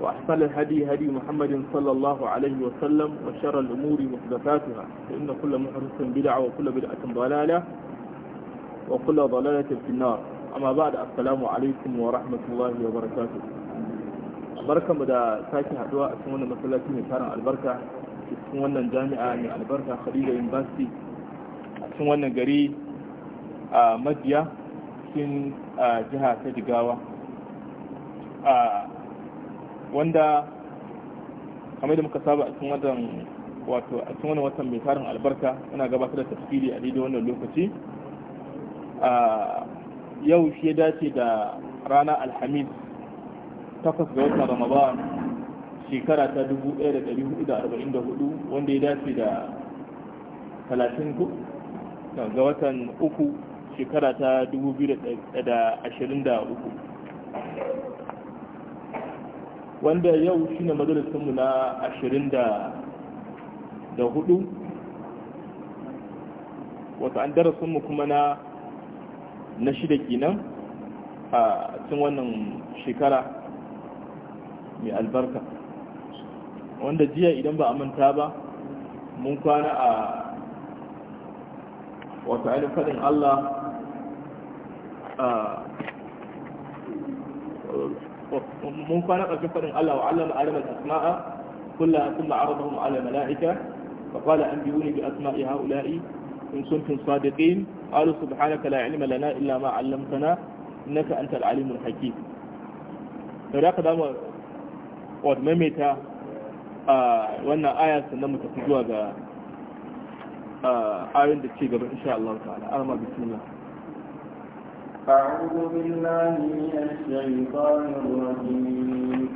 وأحسن الهدي هدي محمد صلى الله عليه وسلم وشر الأمور محدثاتها فإن كل محدث بدعة وكل بدعة ضلالة وكل ضلالة في النار أما بعد السلام عليكم ورحمة الله وبركاته بركة مدى ساكي حدوى أسمونا مسلاتي نتارا البركة أسمونا الجامعة من البركة خليل ينباسي أسمونا قري مديا سن جهة تجقاوة wanda kamar da muka saba a cikin wannan wato a cikin wannan watan mai tarin albarka muna gabatar da tafsiri a daidai wannan lokaci a yau shi ya dace da rana alhamis takwas ga watan ramadan shekara ta 1444 wanda ya dace da 30 ga watan uku shekara ta 2023 wanda yau shine majalisinmu na ashirin da hudu an darasinmu kuma na na shida kinan a cikin wannan shekara mai albarka wanda jiya idan ba a manta ba mun kwana a wata ainihin faɗin Allah mun kwana ƙarfin faɗin Allah wa allah adam asmaa kulla thumma aradahum ala mala'ika fa qala anbiuni bi asma'i ha'ula'i in sun kuntum sadiqin qalu subhanaka la ilma lana illa ma 'allamtana innaka antal alimul hakim to da ka da mu wato maimaita wannan aya sannan mu tafi zuwa ga ayoyin da ke gaba insha Allah ta'ala amma bismillah أعوذ بالله من الشيطان الرجيم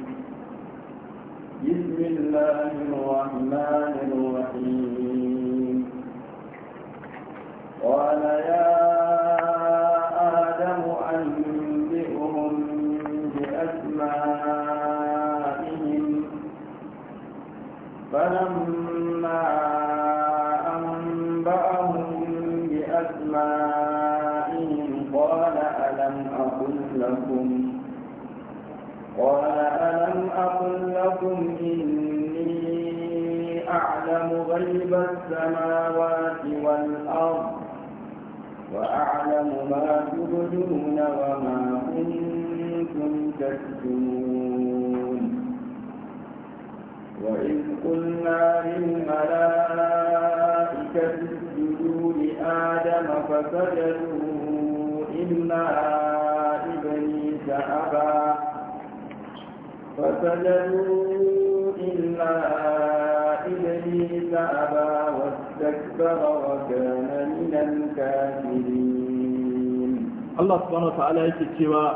بسم الله الرحمن الرحيم قال يا السماوات والأرض وأعلم ما تبدون وما كنتم تكتمون وإذ قلنا للملائكة اسجدوا لآدم فسجدوا إلا إبليس أبى فسجدوا إلا إبليس أبى واستكبر وكان من الكافرين الله سبحانه وتعالى يكتوى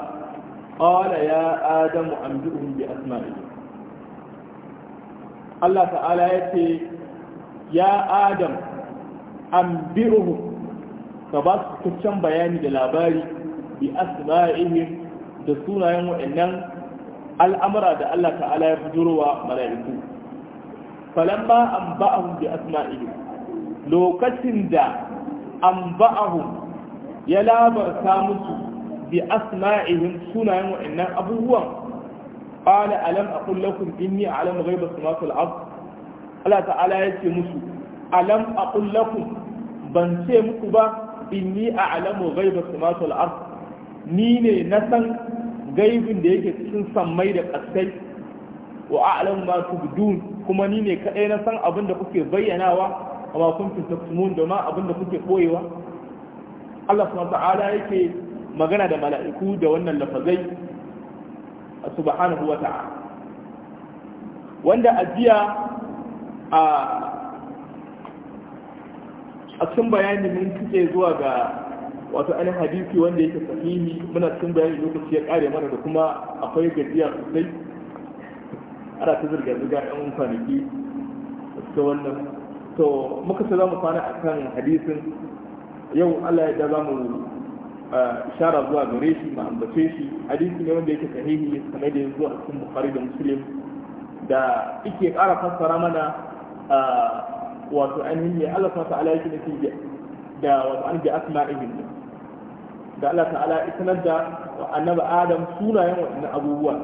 قال يا آدم أنبئهم بأسمائهم Allah ta'ala ya ce ya Adam an bi'uhu ka ba su cikakken bayani da labari bi asma'ihim da sunayen waɗannan al'amura da Allah ta'ala ya fi fujurowa mala'iku falamma an ba'ahu bi asma'ihim lokacin da an ba'ahum ya labarta musu bi asma'ihim sunayen wa'annan abubuwan qala alam aqul lakum inni a'lamu ghaiba samawati masu ard Allah ta'ala ya ce musu alam aqul lakum ban ce muku ba inni a'lamu ghaiba samawati masu ard ni ne na san gaibin da yake cikin sammai da ƙasai wa a'lamu ma tubdun kuma ni ne kaɗai na san abin da kuke bayyanawa amma kuntum taktumun da ma abinda kuke koyewa Allah subhanahu ta'ala yake magana da mala'iku da wannan lafazai subhanahu wa ta'ala wanda ajiya a a cikin bayani mun kike zuwa ga wato an hadisi wanda yake sahihi muna cikin bayani lokaci ya kare mana da kuma akwai gajiya sosai ana ta zirga-zirga yan kwanaki da wannan to muka ce za mu kwana akan hadisin yau Allah ya za mu ishara zuwa gare shi mu ambace shi hadisi ne wanda yake sahihi kamar da zuwa cikin Bukhari da Muslim da yake ƙara fassara mana wato ainihin ne Allah ta ta'ala yake nufi da wato an bi asma'ihim da Allah ta'ala ya sanar da annabi Adam sunayen wannan abubuwa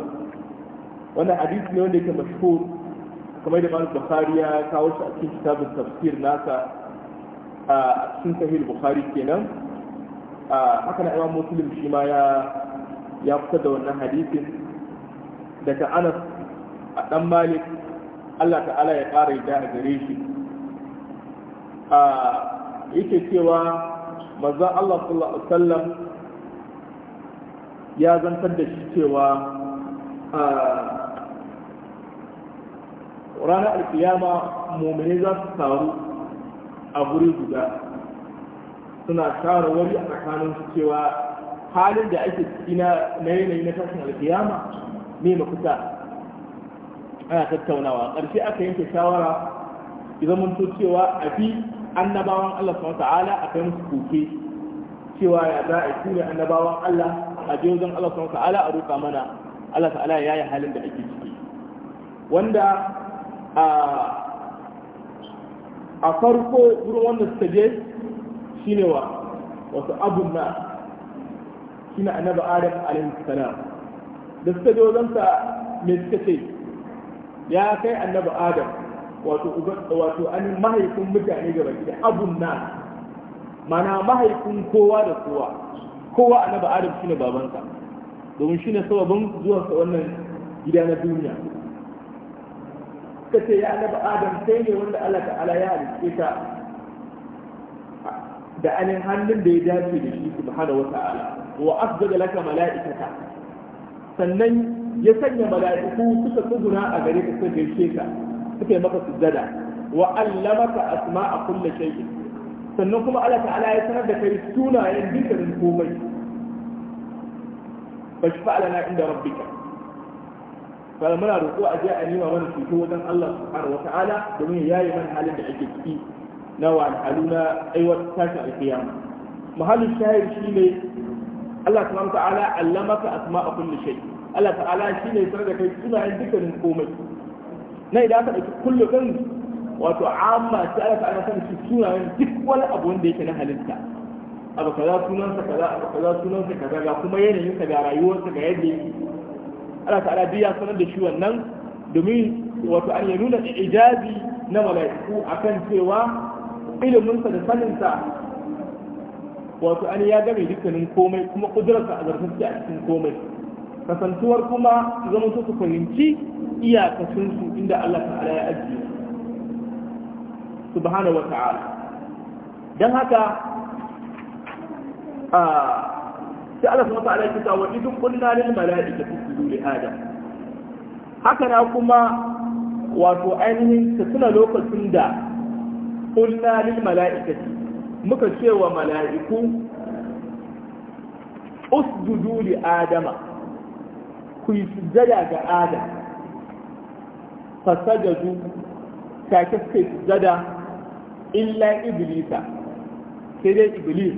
wannan hadisi ne wanda yake mashhur kamar da malam bukhari ya kawo shi a cikin kitabin tafsir nasa a cikin sahih bukhari kenan haka na imam muslim shi ma ya ya fita da wannan hadisin daga anas a dan malik Allah ta'ala ya ƙara yadda a gare shi yake cewa manzo Allah sallallahu alaihi wasallam ya zantar da shi cewa ranar alkiyama mummune za su taru a guri guda suna shawarwari a tsakanin su cewa halin da ake ciki na yanayi na tashin alkiyama ne mafita ana tattaunawa ƙarshe aka yanke shawara idan mun to cewa a fi annabawan Allah subhanahu ta'ala a kai musu kuke cewa ya za a tuna annabawan Allah a je wajen Allah subhanahu ta'ala a roƙa mana Allah ta'ala ya yi halin da ake ciki wanda a farko wurin wanda suka je shi ne wa wasu abun na shi na annabi adam alaihissana da suka je wajensa mai suka ce ya kai annaba adam wato an mahaifin mutane gaba gida abun na mana mahaifin kowa da kowa kowa annaba adam shi ne babansa domin shi ne sababin sa wannan gida na duniya ta ce ya annabi adam sai ne wanda Allah ta'ala ya halitta ta da anin hannun da ya dace da shi subhanahu wa ta'ala wa afdala laka mala'ikata sannan ya sanya mala'iku suka tsuguna a gare ka suka gaishe ka suka yi maka sujjada wa allamaka asma'a kulli shay'in sannan kuma Allah ta'ala ya sanar da kai sunayen dukkanin komai fashfa lana inda rabbika kada muna roƙo a je a nima mana cuto wajen Allah subhanahu wata'ala domin ya yi mana halin da ake ciki na wahalhalu na aiwata tashin alkiyama mahallin shahir ne Allah subhanahu wata'ala allamaka asma'a kulli shay Allah ta'ala shi ne sanar da kai sunayen dukkanin komai na idan aka ɗauki kullu ɗin wato amma sai Allah ta'ala sanar shi sunayen duk wani abu wanda yake na halitta abu kaza sunansa kaza abu kaza sunansa kaza ga kuma yanayinsa ga rayuwarsa ga yadda yake Allah ta'ala biya sanar da shi wannan domin wato an ya nuna ijazi na mala'iku akan cewa sa da sa wato an ya game dukkanin komai kuma sa a zartarsa a cikin komai kasantuwar kuma zama su su fahimci su inda Allah ta'ala ya ajiye subhanahu wa ta'ala don haka sai Allah subhanahu wa ta'ala ya ce wa idun kullalin mala'ikatu li adam haka na kuma wato ainihin ta tuna lokacin da kulna lil mala'ikati muka cewa mala'iku usjudu li adama ku yi sujjada ga adam sajadu take suka sujjada illa iblisa sai dai iblis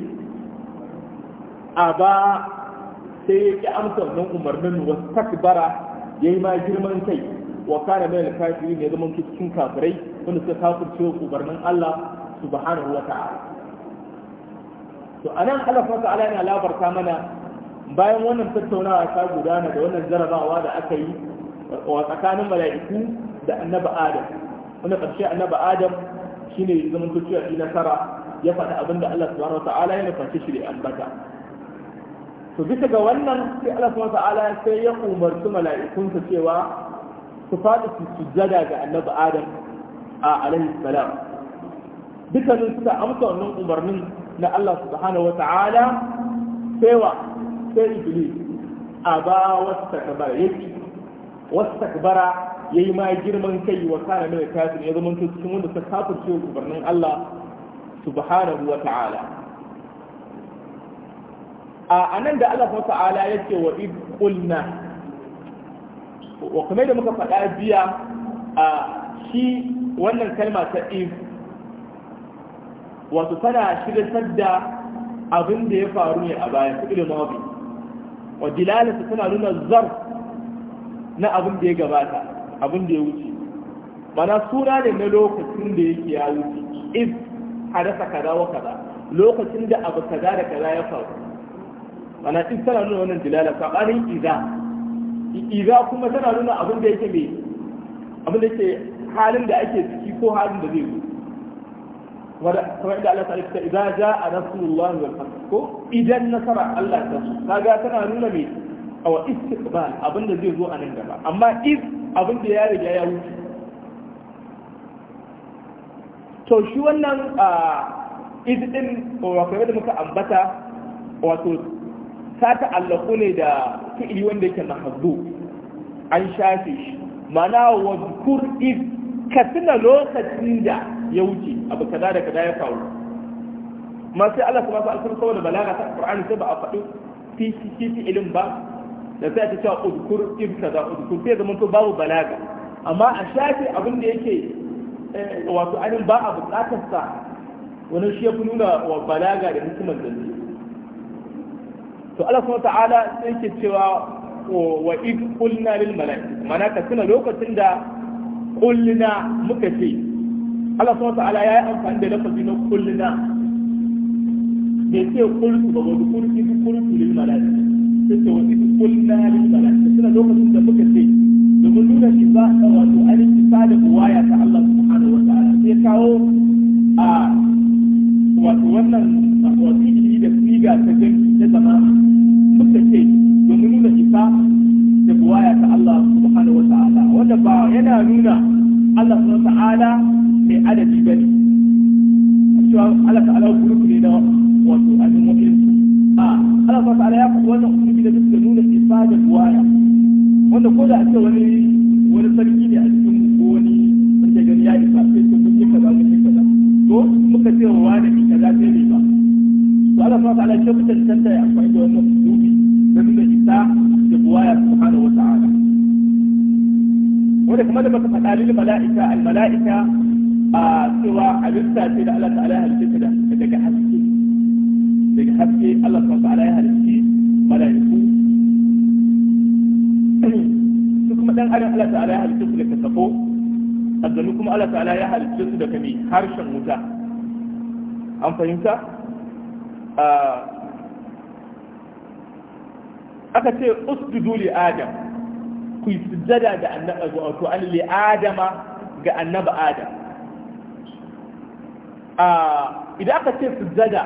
a ba sai ya ƙi amsa wannan umarnin wa takbara ya yi ma girman kai wa kana mai alkafirin ya zama cikin kafirai wanda suka kafirce umarnin Allah subhanahu wa ta'ala to anan Allah fa ta'ala yana labarta mana bayan wannan tattaunawa ta gudana da wannan jarabawa da aka yi wa tsakanin mala'iku da annabi Adam wanda karshe annabi Adam shine zaman tuciya nasara ya faɗi abinda Allah subhanahu wa ta'ala ya nufa shi da ambata to bisa ga wannan sai Allah subhanahu ta'ala sai ya umarci mala'ikunsa cewa su faɗi su sujjada ga annabi Adam a alaihi salam dukkanin suka amsa wannan umarnin na Allah subhanahu wata'ala sai sai iblis a ba wasu takbara yake wasu takabara ya yi ma girman kai wa kana mai kafin ya zama cikin wanda ta kafirce umarnin Allah subhanahu wa ta'ala a anan da Allah subhanahu ta'ala yake wa id wa kuma da muka faɗa biya a shi wannan kalma ta if wato tana shirya da abin da ya faru ne a baya su ilimin mawabi wa dilalata tana nuna zar na abin da ya gabata abin da ya wuce mana suna ne na lokacin da yake ya wuce if hadasa kaza wa kaza lokacin da abu kaza da kaza ya faru mana in tana nuna wannan dilala sabanin iza iza kuma tana nuna abin da yake mai abin da yake halin da ake ciki ko halin da zai zo wanda kuma inda Allah ta ta idza jaa rasulullahi wal fath ko idan nasara Allah ta so kaga tana nuna mai aw istiqbal abin da zai zo a nan gaba amma if abin da ya riga ya wuce to shi wannan ah, iz wa wato da muka ambata wato ta ta'allaku ne da fi'ili wanda yake mahazzu an shafe shi mana wa zukur iz ka tuna lokacin da ya wuce abu kaza da kaza ya faru Masu sai Allah kuma sai alfar saboda balaga ta Qur'ani sai ba a faɗi fi fi fi'ilin ba da sai ta cewa udkur iz kaza udkur sai zaman to babu balaga amma a shafe abin da yake eh, wato anin ba a bukatar sa wani shi ya fi nuna wa balaga da hikimar zance to Allah subhanahu ta'ala sai ke cewa wa id qulna lil malaikati mana ka tuna lokacin da kullina muka ce Allah subhanahu ta'ala ya yi amfani da lafazi na kullina bai ce kullu ba ba kullu kullu lil malaikati sai ce wa id qulna lil malaikati tuna lokacin da muka an fahimta aka ce usjudu li adam ku yi sujjada ga annabi wato an li adama ga annaba adam idan aka ce sujjada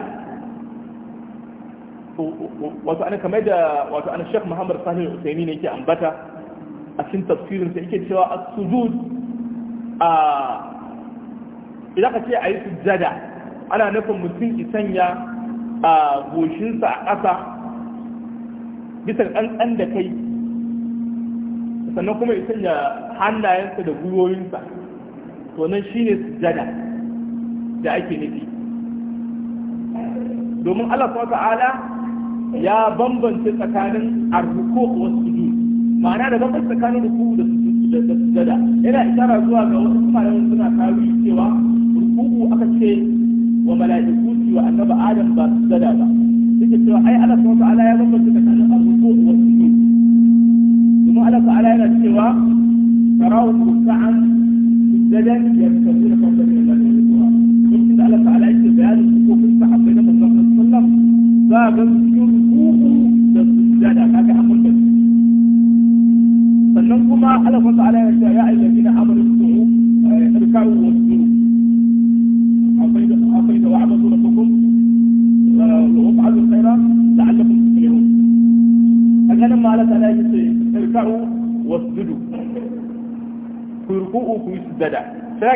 wato ana kamar da wato ana shek muhammad sani usaini ne yake ambata a cikin tafsirinsa yake cewa as sujud idan aka ce a yi sujjada ana nufin mutum ki sanya a goshinsa a ƙasa bisa ƙanƙan da kai sannan kuma ya sanya hannayensa da gwiwoyinsa to nan shine sujada da ake nufi domin Allah subhanahu ta'ala ya bambance tsakanin a wasu sujud ma'ana da bambance tsakanin ruku da sujada yana isara zuwa ga wasu malaman suna kawo cewa ruku aka ce wa mala'iku su wa annabi adam ba su gada ba suke cewa ai Allah subhanahu wa ta'ala ya bambanta tsakanin abubu wa sujud kuma Allah ta'ala yana cewa sa'an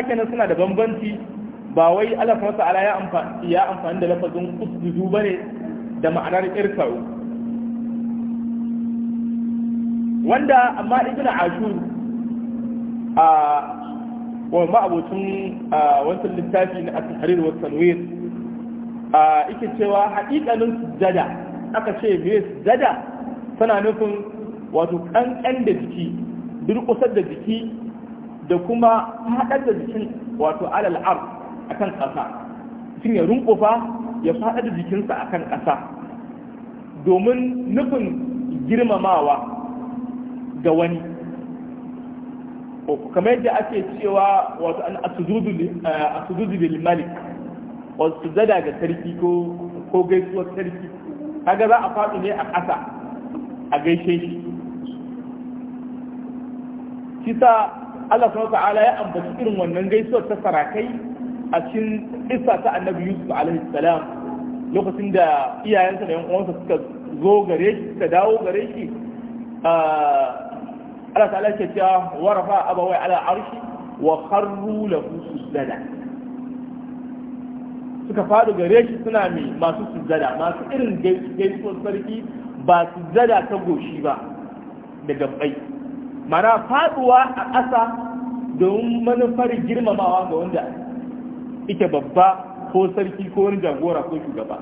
kaga kenan suna da bambanci ba wai Allah kuma ta'ala ya amfani ya amfani da lafazin ba bane da ma'anar irkau wanda amma ibn ashur a wa ma'abocin wasu littafi na at-tahrir wa tanwir a yake cewa haƙiƙanin sujjada aka ce me sujjada tana nufin wato kankan da jiki durƙusar da jiki da kuma faɗar da jikin wato alal ar akan ƙasa mutum ya runkufa ya faɗar da jikinsa kan ƙasa domin nufin girmamawa ga wani kamar yadda ake cewa wato an asududu lil malik wasu zada ga sarki ko gaisuwar sarki kaga za a faɗi ne a ƙasa a gaishe shi kisa Allah subhanahu ta'ala ya ambaci irin wannan gaisuwar ta sarakai a cikin isa ta annabi Yusuf alaihi salam lokacin da iyayensa da yan suka zo gare shi suka dawo gare shi Allah ta'ala ke cewa fa a abawai ala arshi wa kharru lahu sujada suka faɗi gare shi suna mai masu sujada masu irin gaisuwar sarki ba sujada ta goshi ba da gabbai mana faduwa a ƙasa domin manufar girmamawa ga wanda ita babba ko sarki ko wani jagora ko shugaba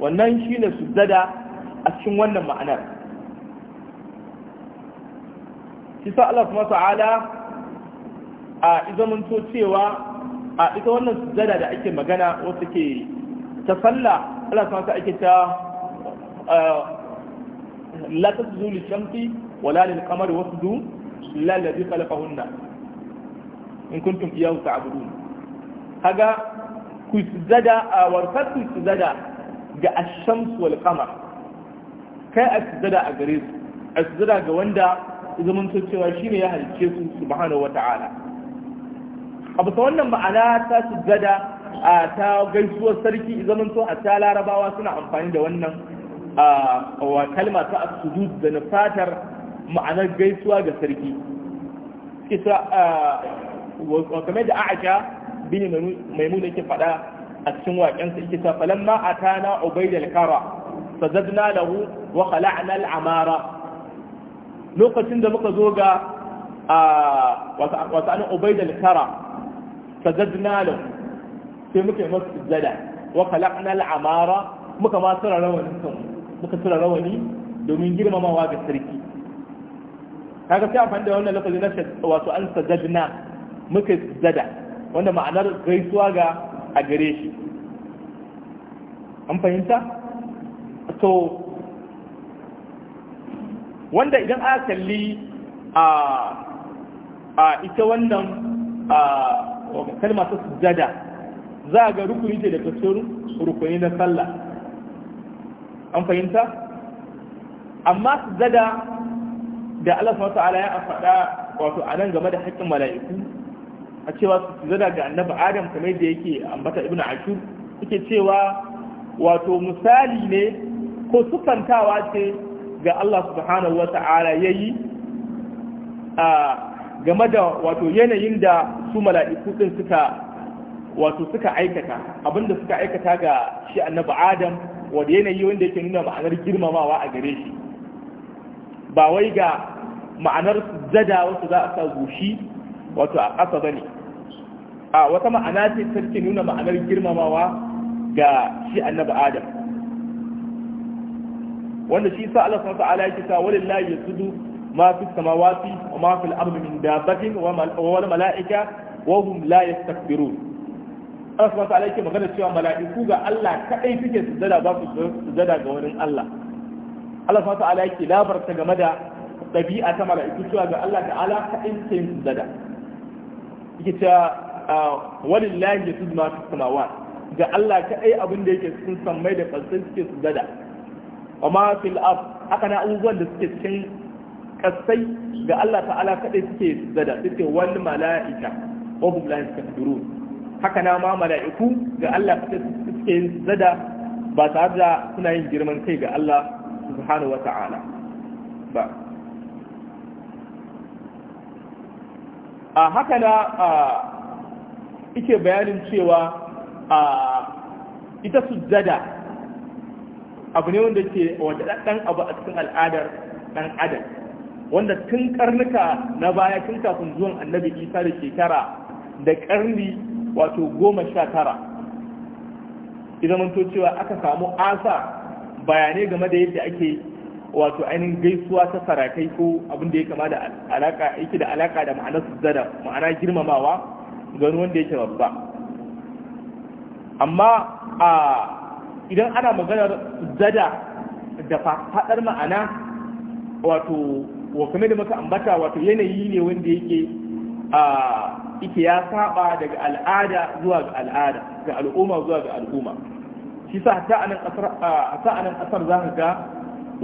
wannan shi ne su dada a cikin wannan ma'anar shi sa Allah kuma ta'ala a izamanto cewa a ita wannan su dada da ake magana wata ke ta falla. Allah kuma ta ake ta eh, la tasjudu lishamsi wala lil qamari wasdu illa alladhi khalaqahunna in kuntum iyyahu ta'budun kaga ku sujada a warkar ku sujada ga ash-shams wal qamar kai a sujada a gare su a sujada ga wanda zaman to cewa shine ya halice su subhanahu wata'ala abu ta wannan ma'ana ta sujada a ta gaisuwar sarki zaman to a ta larabawa suna amfani da wannan a kalma ta asudud da na fatar ma'anar gaisuwa ga sarki kame da aisha bin maimuna yake fada a cikin waƙensa yake ta falon ma a tana ubaidal kara fazadna lahu wa khala'na al'amara lokacin da muka zo ga wasu da ubaidal kara fazadna lahu sai muka yi masu sujjada wa khala'na al'amara muka ma tura rawani muka tura rawani domin girmamawa ga sarki kaga sai amfani da wannan lafazin na wato an sajadna muka sajada wanda ma'anar gaisuwa ga a gare shi an fahimta to wanda idan aka kalli a a ita wannan a kalma ta sajada za a ga rukuni ce da tasirin rukuni na sallah an fahimta amma sajada da Allah subhanahu ta'ala ya faɗa wato a nan game da haƙƙin mala'iku a cewa su zada ga annabi Adam kamar yadda yake ambata Ibn Ashur yake cewa wato misali ne ko sukantawa ce ga Allah subhanahu wa ta'ala yayi a game da wato yanayin da su mala'iku din suka wato suka aikata abinda suka aikata ga shi annabi Adam wanda yanayi wanda yake nuna ma'anar girmamawa a gare shi ba wai ga ma'anar sujjada wasu za a sa goshi wato a ƙasa bane a wata ma'ana ce take nuna ma'anar girmamawa ga shi annabi adam wanda shi sa Allah subhanahu wa yake sa walillahi yasudu ma fi samawati wa ma fil ardi min dabbatin wa wani malaika wa hum la yastakbirun Allah subhanahu wa ta'ala yake magana cewa mala'iku ga Allah kaɗai suke sujada ba su sujada ga wani Allah Allah subhanahu wa yake labarta game da ɗabi'a ta mala'iku cewa ga Allah ta'ala kaɗin ta yin sujada yake wani ah, walillahi ya su ma samawa ga Allah kaɗai abin da yake sun samai da ƙasai suke su wa Amma fil af haka na abubuwan da suke cikin ƙasai ga Allah ta'ala kaɗai suke su sujada suke wani mala'ika wa hum la yastakbirun haka na ma mala'iku ga Allah suke yin sujada ba tare da suna yin girman kai ga Allah subhanahu wa ta'ala ba a haka da ike bayanin cewa ita sujjada abu ne wanda ke ɗan abu a cikin al'adar ɗan adam wanda tun karnuka na baya tun kafin zuwan annabi isa da shekara da karni wato goma sha tara idan manto cewa aka samu asa bayanai game da yadda ake wato ainihin gaisuwa ta sarakai ko abin da ya kama da alaka yake da alaka da ma'anar sujjada ma'ana girmamawa ga wanda yake babba amma a idan ana maganar zada da faɗar ma'ana wato wa da muka ambata wato yanayi ne wanda yake a yake ya saba daga al'ada zuwa ga al'ada ga al'umma zuwa ga al'umma shi sa ta anan kasar za ka ga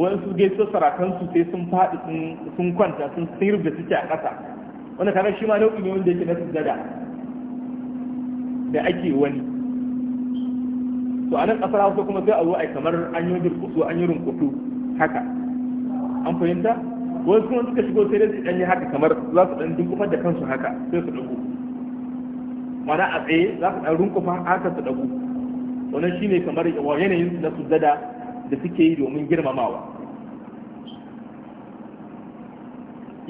waɗansu gaisuwar sarakansu sai sun faɗi sun kwanta sun sirri da suke a ƙasa wanda kaga shi ma nau'i ne wanda yake na sujjada da ake wani to a nan ƙasar hausa kuma sai a zo a kamar an yi rinkutu an yi rinkutu haka an fahimta wasu kuma suka shigo sai dai su ɗan yi haka kamar za su ɗan dinkufar da kansu haka sai su ɗagu mana a tsaye za su ɗan runkufa haka su ɗagu wannan shine kamar yanayin na sujada da suke yi domin girmamawa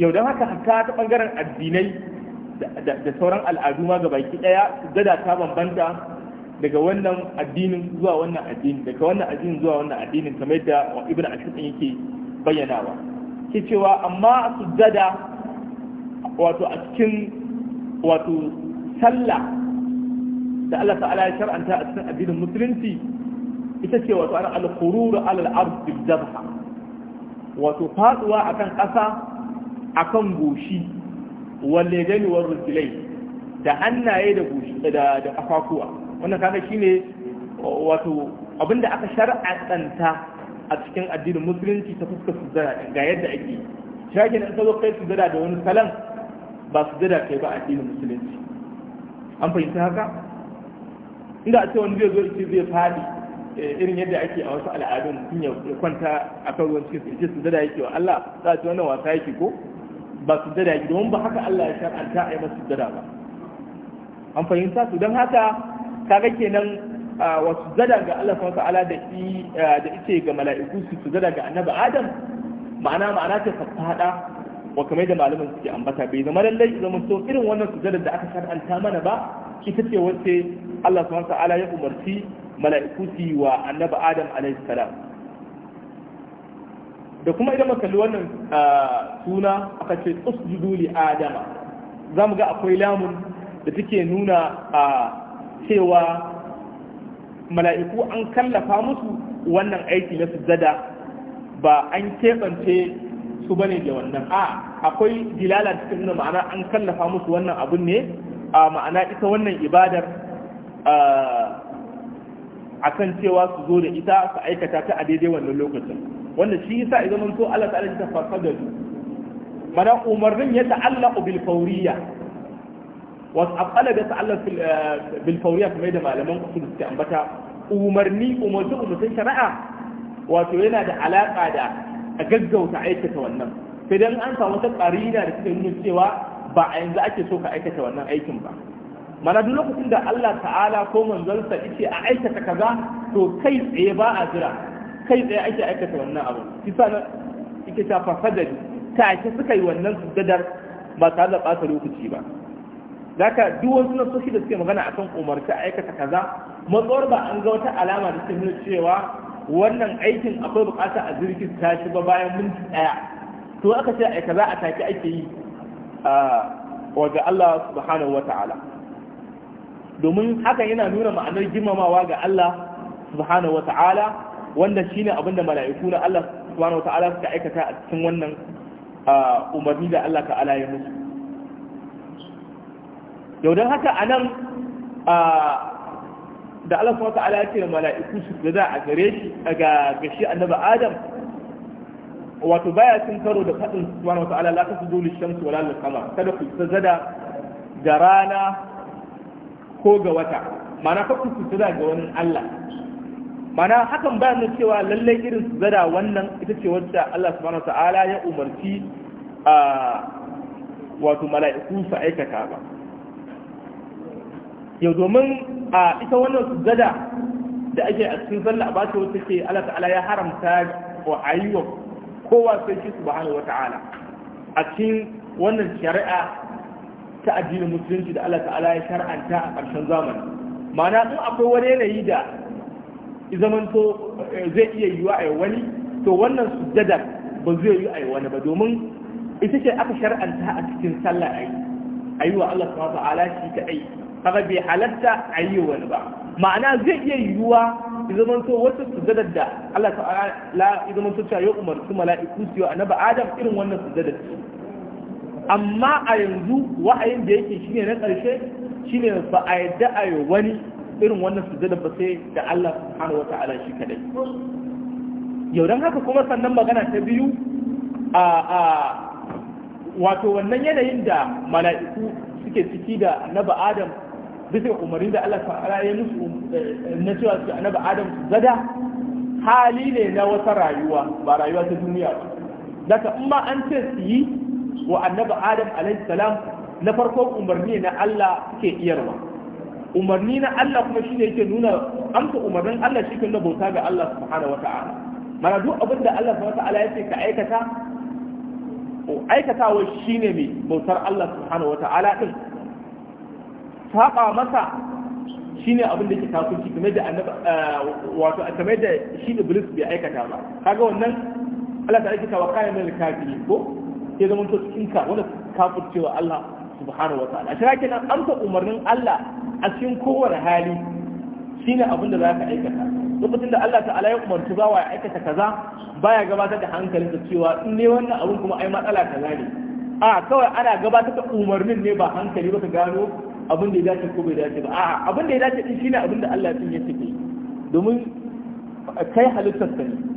yau don haka haka ta ɓangaren addinai da sauran al'adu ma gabaki ɗaya gada ta bambanta daga wannan addinin zuwa wannan addinin daga wannan addinin zuwa wannan addinin kamar yadda ibn ibin ashirin yake bayyanawa ke cewa amma su gada wato a cikin wato sallah da Allah ta'ala ya shar'anta a cikin addinin musulunci ita ce wato ana al-qurur ala al-ard bil wato faduwa akan ƙasa akan goshi wanne gani war rijlai da hannaye da goshi da da kafafuwa wannan kaga shine wato abinda aka tsanta a cikin addinin musulunci ta su zara, ga yadda ake shakin in ka zo kai zara da wani salam ba sujjada kai ba addinin musulunci an fahimta haka inda a ce wani zai zo ce zai fadi Eh, irin yadda ake a wasu al'adun tun ya kwanta a kan ruwan cikin sirke su dada yake wa Allah za ta wannan wasa yake ko ba su dada yake domin ba haka Allah ya shar'anta a yi masu dada ba an fahimta su don haka kaga kenan wasu dada ga Allah subhanahu wasu ala da ice ga mala'iku su su dada ga annabi Adam ma'ana ma'ana ta fada wa kamar da malamin suke ambata bai zama lallai zama so irin wannan su dada da aka shar'anta mana ba ita ce wacce Allah subhanahu ta'ala ya umarci mala'iku su wa annabi Adam alaihi salam da kuma idan muka kalli wannan suna aka ce usjudu li adama zamu ga akwai lamun da take nuna cewa mala'iku an kallafa musu wannan aiki na sujada, ba an keɓance su bane da wannan a akwai dilala cikin nuna ma'ana an kallafa musu wannan abun ne a ma'ana ita wannan ibadar a kan cewa su zo da ita su aikata ta a daidai wannan lokacin wanda shi yasa idan mun so Allah ta'ala ta farfada su mana umarnin ya ta'allaqu bil fawriya wa aqala da ta'allaq bil eh, fawriya kuma da malaman usul suke ambata umarni umarni umarnin shari'a wato yana da alaka da a gaggauta aikata wannan sai dan an samu ta karina da suke nuna cewa ba a yanzu ake so ka aikata wannan aikin ba mana duk lokacin da Allah ta'ala ko manzonsa yace a aikata kaza to kai tsaye ba a jira kai tsaye ake aikata wannan abu kisa na ike ta ta ake suka yi wannan sujadar ba tare da ɓata lokaci ba zaka duk wasu nasoshi da suke magana akan umarci aikata kaza matsawar ba an ga wata alama da ta nuna cewa wannan aikin akwai bukata a jirgin ta shi ba bayan minti ɗaya to aka ce ai kaza a take ake yi a waje Allah subhanahu wa ta'ala domin hakan yana nuna ma'anar girmamawa ga Allah subhanahu wata'ala wanda shine abin da mala'iku na Allah subhanahu wata'ala suka aikata a cikin wannan umarni da Allah ta'ala ya musu yau don haka a nan da Allah subhanahu wata'ala ya ce da mala'iku su da za a gare shi ga gashi annabi Adam wato baya cin karo da faɗin subhanahu wata'ala la tasjudu shamsu wala lil qamar kada ku zada da rana ko ga wata mana fa ku sujada ga wani Allah mana hakan ba ne cewa lallai irin su zada wannan ita ce wacce Allah subhanahu ta'ala ya umarci a wato mala'iku su aikata ba yau domin a ita wannan su zada da ake a cikin sallah ba ta wata ce Allah ta'ala ya haramta wa ayyuka kowa sai shi subhanahu wata'ala a cikin wannan shari'a ta addinin musulunci da Allah ta'ala ya shar'anta a ƙarshen zamani ma'ana in akwai wani yanayi da izamanto eh, zai iya yiwa a wani to wannan sujjada ba zai yi a wani ba domin ita ce aka shar'anta a cikin sallah ayi ayi wa Allah subhanahu wa ta'ala shi kadai kaga bai halatta ayi wani ba ma'ana zai iya yiwuwa zaman to wata sujadar da Allah ta'ala zaman to cewa ya umarci mala'iku su yi annabi Adam irin wannan sujada. amma a yanzu wa'ayin da yake shine na ƙarshe shine ba a yadda a yi wani irin wannan zada ba sai da Allah subhanahu ala shi kadai yau don haka kuma sannan magana ta biyu a a wato wannan yanayin da mala'iku suke ciki da annabi Adam bisa umarni da Allah ta'ala ya musu eh, na cewa su annabi Adam su zada hali ne na wata rayuwa ba rayuwa ta duniya ba daga in ma an ce su yi wa annabi adam alayhi salam na farkon umarni na Allah suke iyarwa umarni na Allah kuma shine yake nuna amsa umarnin Allah shi na bauta ga Allah subhanahu wata'ala mana duk abin da Allah subhanahu wata'ala yake ka aikata aikatawa shine mai bautar Allah subhanahu wata'ala din saba masa shine abin da ke takunci kamar da annabi eh, wato kamar da shi Iblis bai aikata ba kaga wannan Allah ta aikata wa kayan kafiri ko sai zama to cikin ka wanda cewa Allah subhanahu wataala shi yake nan amsa umarnin Allah a cikin kowane hali shine abin da zaka aikata lokacin da Allah ta'ala ya umarci bawa ya aikata kaza baya gabatar da hankalinsa cewa in ne wannan abin kuma ai matsala kaza ne a kawai ana gabatar da umarnin ne ba hankali ba ka gano abin da ya dace ko bai dace ba A abin da ya dace din shine abin da Allah ya ce domin kai halittar ne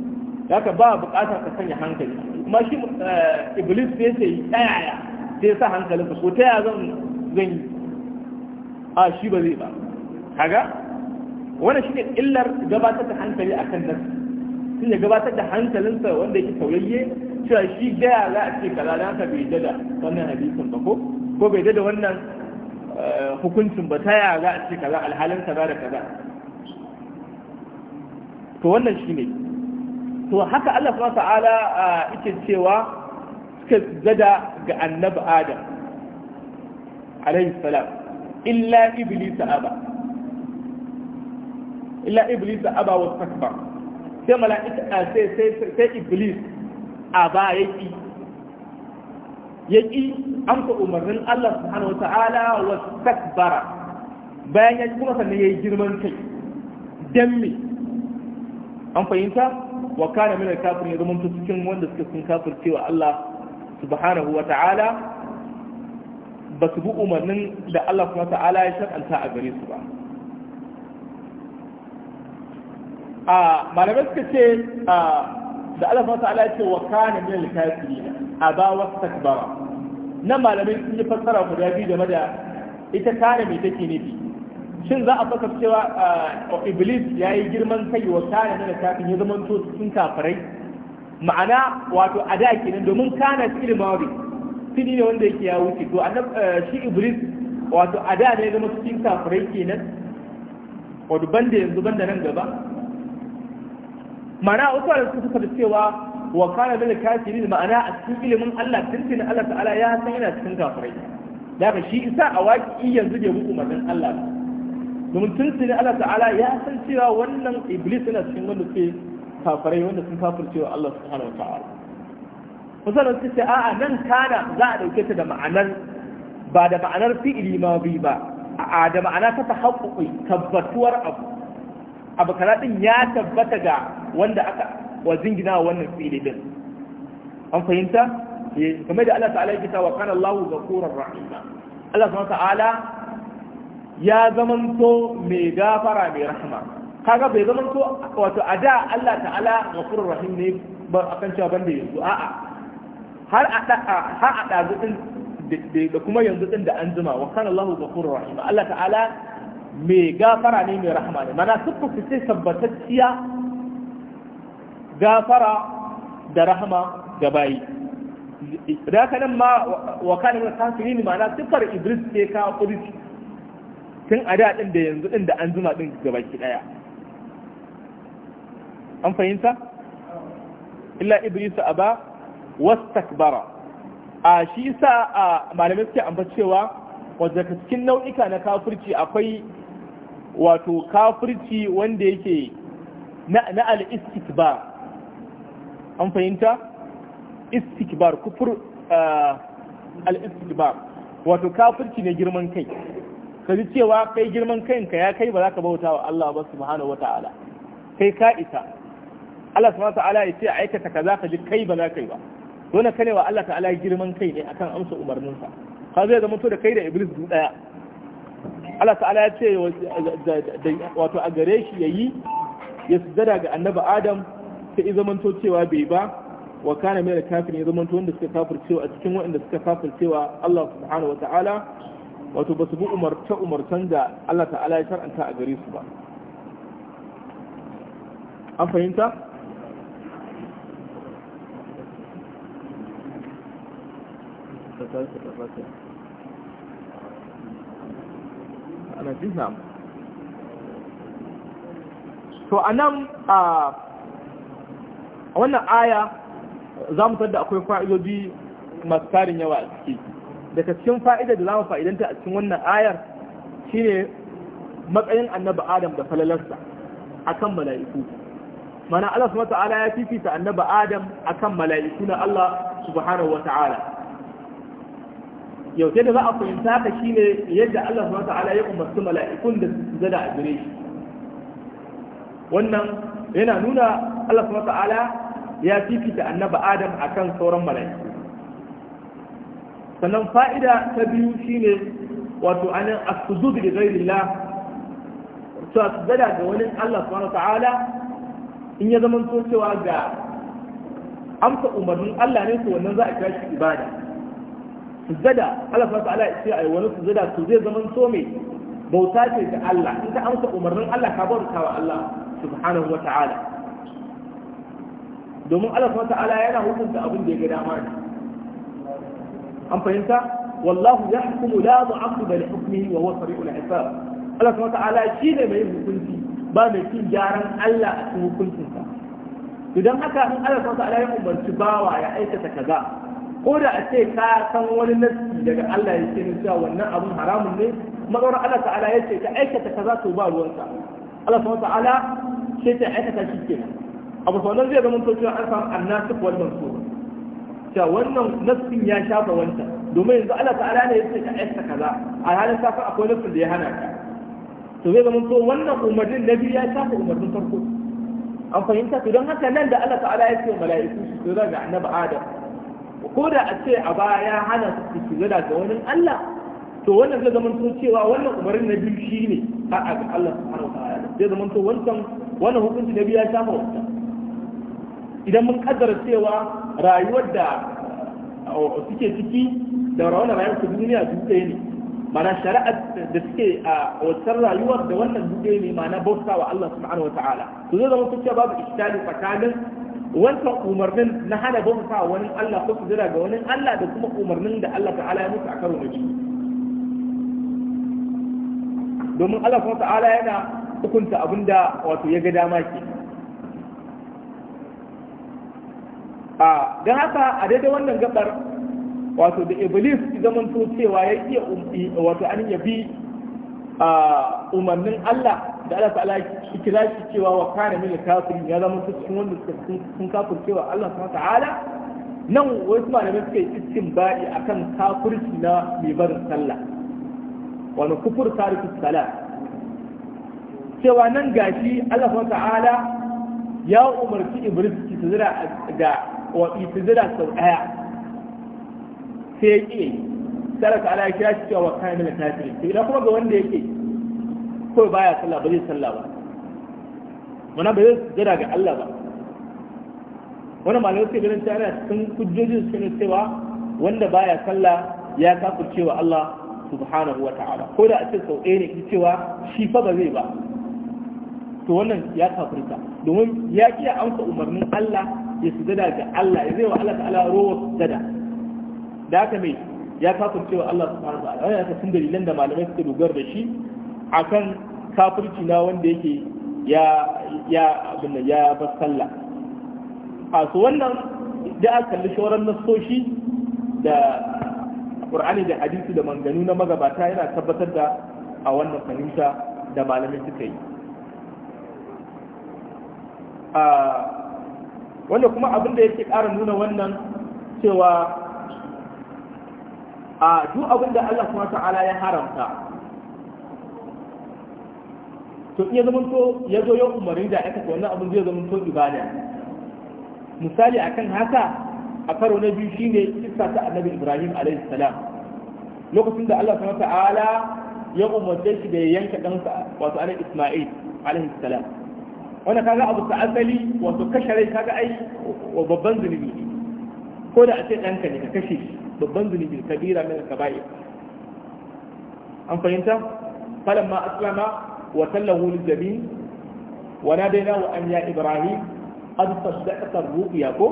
haka ba bukatar ka sanya hankali kuma shi eh, iblis sai sai yi tsayaya sai sa hankalin ka ta yaya zan zan yi a shi ba zai ba kaga wannan shine illar gabatar da hankali akan nan sun ya gabatar da hankalinsa wanda yake sauyayye cewa shi gaya za a ce kaza da haka bai dada wannan hadisin ba ko ko bai dada wannan eh, hukuncin ba ta yaya za a ce kaza alhalin kaza da kaza to wannan shine to haka Allah subhanahu ta'ala yake cewa suka gada ga annabi Adam alayhi salam illa iblis aba illa iblis aba wa takbar sai mala'ika sai sai sai iblis aba yaki yaki amsa umarnin Allah subhanahu ta'ala wa takbara bayan ya kuma sannan yayi girman kai dan me an fahimta wa kana min al-kafirin ya zama cikin wanda suka sun cewa Allah subhanahu wa ta'ala ba su bi umarnin da Allah kuma ta'ala ya shar'anta a gare su ba a malamai suka ce da Allah kuma ta'ala ya ce wa kana min al-kafirin aba takbara nan malamai sun yi fassara guda biyu game da ita kana me take nufi shin za a saka cewa iblis ya yi girman kai wa kana na kafin ya zama to sun kafirai ma'ana wato a da kenan domin kana cikin mawabi fili ne wanda yake ya wuce to annab eh, shi iblis wato a da ne zama cikin kafirai kenan wato banda yanzu banda nan gaba ma'ana wasu da suka fada cewa wa kana da kafiri ma'ana a cikin ilimin Allah na Allah ta'ala ya san yana cikin kafirai da shi isa a waki yanzu bai hukumar Allah ba domin tun tuni Allah ta'ala ya san cewa wannan iblis na cikin wanda suke kafarai wanda sun kafar cewa Allah subhanahu wa ta'ala musamman suka ce a'a nan kana za a dauke ta da ma'anar ba da ma'anar fi'ili ma bi ba A'a da ma'ana ta tahaqquqi tabbatuwar abu abu kana din ya tabbata ga wanda aka wa jingina wannan fi'ili din an fahimta game eh, da Allah ta'ala ya kita wa kana Allahu ghafurur rahima Allah subhanahu wa ta'ala ya zamanto mai gafara mai rahama kaga bai zamanto wato a da Allah ta'ala ghafurur rahim ne ba akan cewa banda yanzu a'a har a har a dazu din da kuma yanzu din da an zuma wa kana Allah ghafurur rahim Allah ta'ala mai gafara ne mai rahama ne mana su ce tabbatacciya gafara da rahama ga bayi da haka nan ma wa kana min kafirin ma'ana sifar Idris ce ka kudi tun a da ɗin da yanzu ɗin da an zuma ɗin gabaki ɗaya an fahimta illa ba aba wastakbara a shi sa a malamai suke amfa cewa wanda cikin nau'ika na kafirci akwai wato kafirci wanda yake na al'istikbar an fahimta istikbar kufur eh, al'istikbar wato kafirci ne girman kai ka ji cewa kai girman kanka ya kai ba za ka bauta wa Allah ba subhanahu ta'ala kai ka isa Allah subhanahu wata'ala ya ce aikata kaza ka ji kai ba za ka yi ba dole kane wa Allah ta'ala girman kai ne akan amsa umarninsa ka zai zama to da kai da iblis du daya Allah ta'ala ya ce wato a gare shi yayi ya sujada ga annabi Adam sai zamanto cewa bai ba wa kana mai kafirin ya zamanto wanda suka kafircewa a cikin waɗanda suka kafircewa Allah subhanahu wa ta'ala wato ba su bi umarta umartan da Allah ta'ala ya shar'anta a gare su ba an fahimta to a nan a wannan aya za mu da akwai fa'idoji masu karin yawa a ciki daga cikin fa'idar da za mu fa'idanta a cikin wannan ayar shine matsayin annabi adam da falalarsa akan mala'iku mana Allah subhanahu ta'ala ya fifita annabi adam akan mala'iku na Allah subhanahu wa ta'ala yau da za a fahimta ka ne yadda Allah subhanahu ta'ala ya umarci mala'ikun da su zada a gire shi wannan yana nuna Allah subhanahu ta'ala ya fifita annabi adam akan sauran mala'iku sannan fa'ida ta biyu shine wato anan as-sujud li ghayrillah to sujada ga wani Allah subhanahu ta'ala in ya zama to cewa ga amsa umarnin Allah ne to wannan za a kira shi ibada sujada Allah subhanahu ta'ala ya ce ai wani sujada to zai zama to me bauta ce ga Allah in ka amsa umarnin Allah ka bauta wa Allah subhanahu wa ta'ala domin Allah subhanahu ta'ala yana hukunta abin da ya ga dama ne an fahimta wallahu yahkumu la mu'aqqiba li hukmihi wa huwa sari'ul hisab Allah subhanahu ta'ala shi ne mai hukunci ba mai cin gyaran Allah a cikin hukuncinsa idan haka in Allah subhanahu ta'ala ya umarci bawa ya aikata kaza ko da a ce ka san wani nasi daga Allah ya ce ni cewa wannan abun haramun ne magawar Allah ta'ala ya ce ka aikata kaza to ba ruwansa Allah subhanahu ta'ala sai ta aikata shi kenan abu sanan zai zama to cewa an samu annasu wal mansur cewa wannan nassin ya shafa wancan domin yanzu Allah ta'ala ne ya ce ka aikata kaza a halin safa akwai nassin da ya hana ka to zai zama to wannan umarnin na biyu ya shafa umarnin farko an fahimta to don haka nan da Allah ta'ala ya ce mala'iku su tsira ga annabi Adam ko da a ce a baya ya hana su su tsira ga wani Allah to wannan zai zama to cewa wannan umarnin na biyu shine a ga Allah subhanahu wa ta'ala zai zama to wancan wannan hukunci na biyu ya shafa wancan idan mun kaddara cewa rayuwar da suke ciki da rawar rayuwar su duniya su ɗaya ne mana shari'ar da suke a wasan rayuwar da wannan duk ne mana bauta wa Allah subhanahu ta'ala to zai zama kuka babu ishtali tsakanin wancan umarnin na hana bauta wa wani Allah ko su jira ga wani Allah da kuma umarnin da Allah ta'ala ya musu a karo na biyu domin Allah subhanahu ta'ala yana hukunta abinda wato ya ga dama ke a don haka a daidai wannan gabar wato da iblis zaman to cewa ya iya um, wato an yabi umarnin Allah da Allah ta'ala kira shi cewa wa kana min kafirin ya zama cikin wanda sun kafir cewa Allah ta'ala nan wai kuma suka yi cikin ba'i akan kafirci na mai barin sallah wani kufur tarikin salat cewa nan gashi Allah ta'ala ya umarci iblis ki tsira ga wato sujada sau ɗaya sai ya ki ala ya shi cewa kamil kafiri ne idan kuma ga wanda yake ko baya sallah ba zai sallah ba wani ba zai zira ga Allah ba wani malamai suke ganin ta yana cikin kujjojin su ne cewa wanda baya sallah ya kafa cewa Allah subhanahu wa ta'ala ko da a ce sau ɗaya ne ki cewa shi fa ba zai ba to wannan ya kafirta domin ya kiya amsa umarnin Allah ya sujada ga Allah ya zai wa Allah ta'ala rowa sujada da haka mai ya kafirce wa Allah subhanahu wa ta'ala wannan sun dalilan da malamai suka dogara da shi akan kafirci na wanda yake ya ya ya bar sallah a su wannan da aka kalli shawarar nasoshi da Qur'ani da hadisi da manganu na magabata yana tabbatar da a wannan fahimta da malamai suka yi wanda kuma abin da yake ƙara nuna wannan cewa a duk abin da Allah kuma ta'ala ya haramta to iya zama to ya zo ya umarni da aikata wannan abin zai zama to ibada misali akan haka a karo na biyu shine kissa ta annabi Ibrahim alaihi salam lokacin da Allah subhanahu ta'ala ya umarce shi da yanka ɗansa wato annabi Isma'il alaihi salam wanda kaga abu ta asali wato kashe rai kaga ai wa babban zunubi ne ko da a ce ɗanka ne ka kashe babban zunubi kabira min kaba'i an fahimta falamma aslama wa sallahu lil jabin wa nadainahu an ya ibrahim qad saddaqta ar-ru'ya ko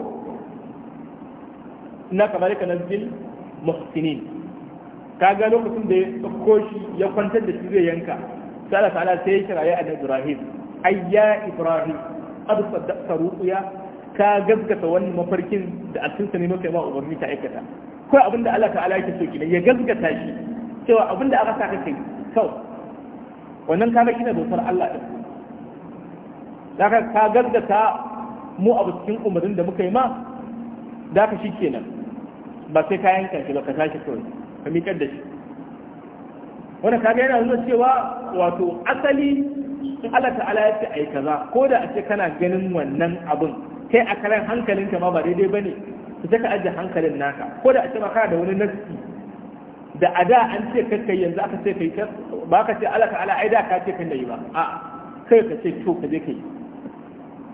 inna kamalika nazil muhsinin ga lokacin da ya ɗauko shi ya kwantar da shi zai yanka sai Allah ta'ala sai ya kira ya annabi Ibrahim ayya ibrahim adu saddaqta saruya ka gaskata wani mafarkin da a cikin ne maka ba umarni ta aikata ko abinda Allah ta'ala yake so kina ya gaskata shi cewa abinda aka saka kai kawai wannan ka ga kina bautar Allah din daga ka gaskata mu a cikin umarnin da muka yi ma da ka shikenan ba sai ka yanka shi ba ka tashi kawai ka miƙar da shi wannan ga yana nuna cewa wato asali in Allah ta'ala ya ce ai kaza ko da a ce kana ganin wannan abin kai a karan hankalinka ma ba daidai bane ka saka aje hankalin naka ko da a ce ba kana da wani nafsi da a da an ce kakkai yanzu aka ce kai ba ka ce Allah ta'ala ai da ka ce kan da yi ba a kai ka ce to ka je kai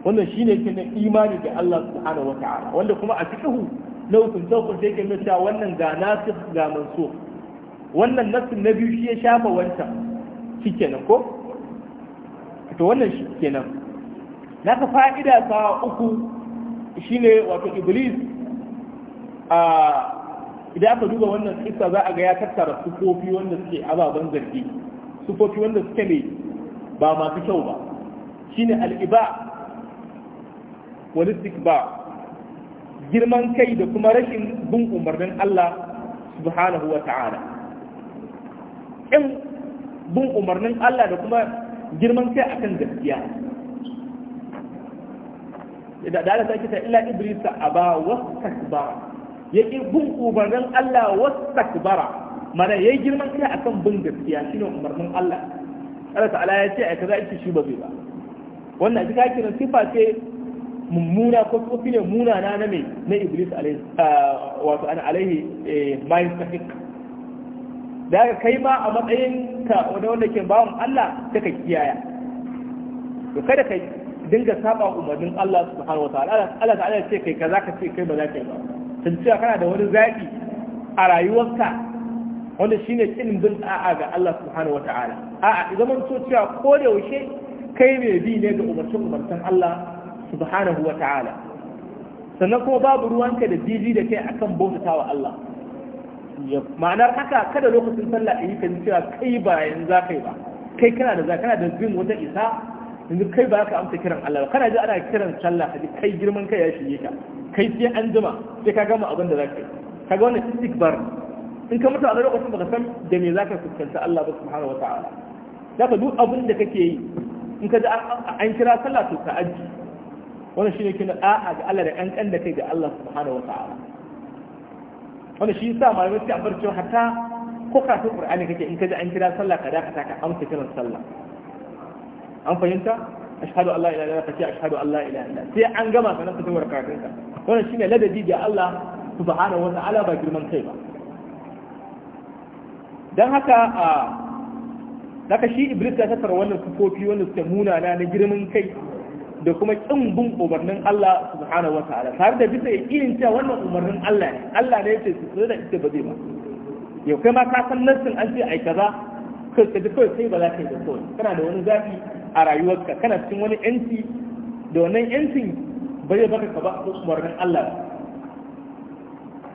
wannan shine ke na imani da Allah subhanahu wata'ala wanda kuma a fiqhu na hukunta hukunta yake nuna wannan ga nasu ga mansukh wannan nasu na biyu shi ya shafa wancan kenan ko to wannan shi kenan ka fa'ida ta uku shi ne wato iblis a idan aka duba wannan kisa za a ga ya tattara sufofi wanda suke ababen zargi sufofi wanda suke ne ba masu kyau ba Shi ne al'iba wani ba, girman kai da kuma rashin bin umarnin Allah subhanahu wa ta'ala in bin umarnin Allah da kuma girman kai akan gaskiya da da ta kita illa iblis aba wastakbara yake bin umarnin Allah wastakbara mana yayi girman kai akan bin gaskiya shine umarnin Allah Allah ta'ala ya ce a kaza yake shi ba zai ba wannan duka kiran sifa ce mummuna ko kofi ne munana na mai na iblis alaihi wato ana alaihi eh, mai yastahiq da kai ma a matsayin ka wanda wanda ke bawon Allah ta ka kiyaya to kada ka dinga saba umarnin Allah subhanahu Allah ta'ala ya ce kai kaza ka ce kai ba za ka yi ba cewa kana da wani zaɓi a rayuwarka wanda shine kin bin a'a ga Allah subhanahu wa a'a idan mun so cewa ko da yaushe kai mai bi ne ga umarnin umarnin Allah subhanahu wa sannan kuma babu ruwanka da jiji da kai akan bautawa Allah ma'anar haka kada lokacin sallah in yi kan cewa kai ba yanzu za kai ba kai kana da za kana da bin wata isa yanzu kai ba ka amsa kiran Allah ba kana ji ana kiran sallah kaji kai girman kai ya shige ka kai sai an jima sai ka gama abin da za ka yi kaga wannan istikbar in ka mutu a lokacin baka san da me za ka fuskanta Allah ba subhanahu wataala da ka duk abin da kake yi in ka ji an kira sallah to ka aji wannan shine kina da'a ga Allah da kankan da kai ga Allah subhanahu wataala wanda shi sa ma sai abar cewa hatta ko karatun ƙur'ani kake in ka ji an kira sallah ka dakata ka amsa kiran sallah an fahimta ashhadu an la ilaha illallah kace ashhadu an la ilaha illallah sai an gama sanan ka tawar karatun ka wannan shine ladabi ga Allah subhanahu wa ta'ala ba girman kai ba dan haka a daga shi iblis ya tattara wannan sufofi wannan suke munana na girman kai da kuma kin bin umarnin Allah subhanahu wa ta'ala tare da bisa yakinin cewa wannan umarnin Allah ne Allah ne yace su da ita ba zai ba yau kai ma ka san nassin an ce ai kaza ka ka ji kawai sai ba za ka yi da kawai kana da wani zafi a rayuwarka kana cikin wani yanci da wannan yancin ba zai baka ka ba umarnin Allah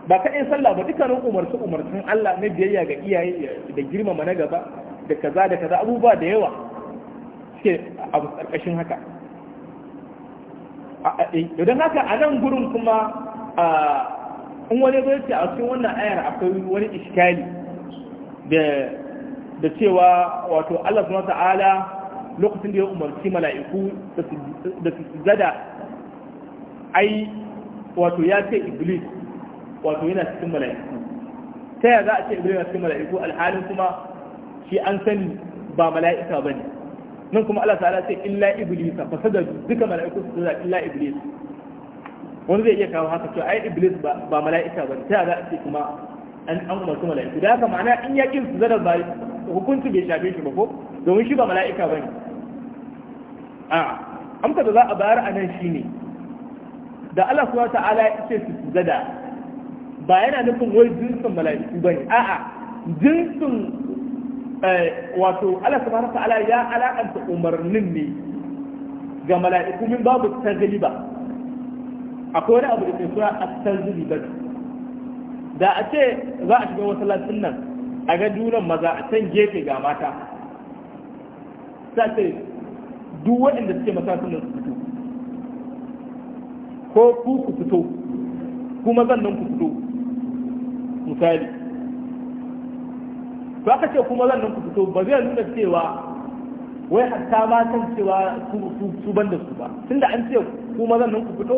ba ka yi sallah ba dukkanin umarci umarcin Allah na biyayya ga iyaye da girmama na gaba da kaza da kaza abubuwa da yawa suke a karkashin haka idan eh, haka a nan gurin kuma in wani zai a cikin wannan ayar akwai wani iskali da cewa wato Allah subhanahu ta'ala lokacin da ya umarci mala'iku da su zada ai wato ya ce iblis wato yana cikin mala'iku ta yaya za a ce iblis yana cikin mala'iku alhalin kuma shi an sani ba mala'ika bane nan kuma Allah ta'ala sai illa iblis fa sajadu duka mala'iku su sajada illa iblis wani zai iya kawo haka to ai iblis ba ba mala'ika ba ta za a ce kuma an an su mala'iku da haka ma'ana in ya kin zara ba hukunci bai shafe shi ba ko domin shi ba mala'ika bane a amka da za a bayar a nan shine da Allah subhanahu ta'ala ya ce su zada, ba yana nufin wai jinsin mala'iku bane a'a jinsin Eh, wato Allah subhanahu ta'ala ya alakanta umarnin ne ga mala'iku min babu tazliba akwai wani abu da ke suna at-tazliba da a ce za a shiga masallacin nan a ga dunan maza a can gefe ga mata ta duk waɗanda suke masallacin nan su fito ko ku ku fito kuma zan nan ku fito misali to aka ce kuma zan nan ku fito ba zai nuna cewa wai hatta ma san cewa su ban da su ba tunda an ce kuma zan nan ku fito